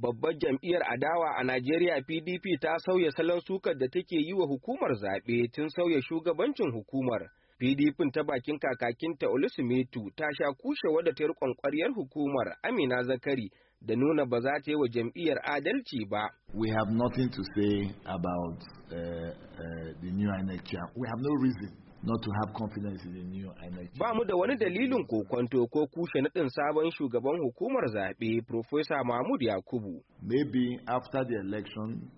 babbar jam'iyyar adawa a Najeriya PDP ta sauya salon sukar da take yi wa hukumar zaɓe tun sauya shugabancin hukumar. PDP ta bakin kakakinta Olusumetu ta sha kushe wadda ta hukumar Amina Zakari da nuna ba za ta yi wa jam'iyyar adalci ba. We have nothing to say about uh, uh, the new INEC We have no reason not to have confidence in the new INEC. Ba mu da wani dalilin kokonto ko kushe naɗin sabon shugaban hukumar zaɓe, Profesa Mahmud Yakubu. Maybe after the election,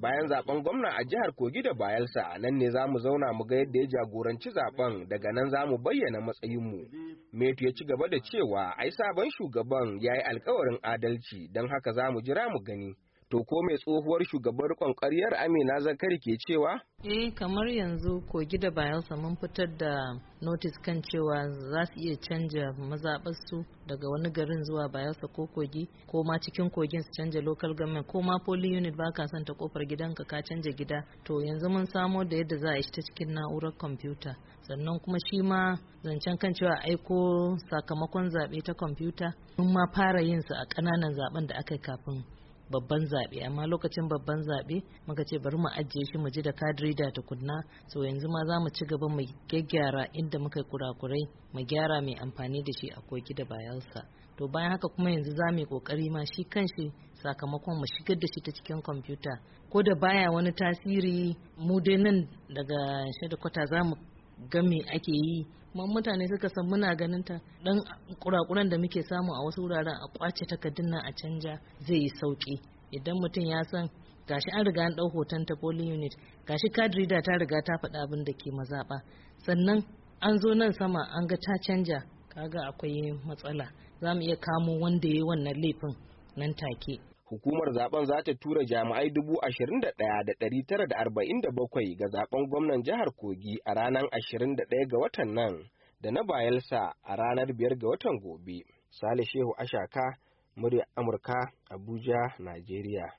Bayan zaben gwamna a jihar Kogi da Bayelsa nan ne za mu zauna mu ga yadda ya jagoranci zaben daga nan za mu bayyana matsayinmu. Metu ya ci gaba da cewa ai sabon shugaban ya yi alkawarin adalci don haka za mu jira mu gani. To ko mai tsohuwar shugabar kwankariyar Amina Zakari ke cewa? Eh kamar yanzu kogi da bayansa mun fitar da notice kan cewa za su iya canja mazaɓarsu daga wani garin zuwa bayelsa ko kogi ko ma cikin kogin su canja local government ko ma poly unit ba ka son ta kofar gidanka ka canja gida to yanzu mun samo da yadda za a yi ta cikin na'urar kwamfuta sannan kuma shi ma zancen kan cewa aiko sakamakon zaɓe ta kwamfuta mun ma fara yin su a ƙananan zaɓen da aka yi kafin babban zaɓe amma lokacin babban zaɓe muka ce bari mu ajiye shi mu ji da kadiri da tukunna so yanzu ma za mu ci gaba mu gyaggyara inda muka yi kurakurai mu gyara mai amfani da shi a kogi da bayansa to bayan haka kuma yanzu za mu yi kokari ma shi kan shi sakamakon mu shigar da shi ta cikin kwamfuta ko da baya wani tasiri mu dai nan daga shida kwata za mu ga me ake yi ma mutane suka san muna ganin ta dan kurakuran da muke samu a wasu wuraren a kwace takardun nan a canja zai yi sauki idan mutum ya san gashi an riga an dau hoton ta polling unit gashi card reader ta riga ta faɗa abin da ke mazaɓa sannan an zo nan sama an ga ta canja kaga akwai matsala za mu iya kamo wanda ya yi wannan laifin nan take hukumar zaben za ta tura jami'ai dubu ashirin da ɗaya da ɗari tara da arba'in da bakwai ga zaben gwamnan jihar kogi a ranar ashirin da ɗaya ga watan nan da na bayelsa a ranar biyar ga watan gobe sale shehu ashaka murya amurka abuja najeriya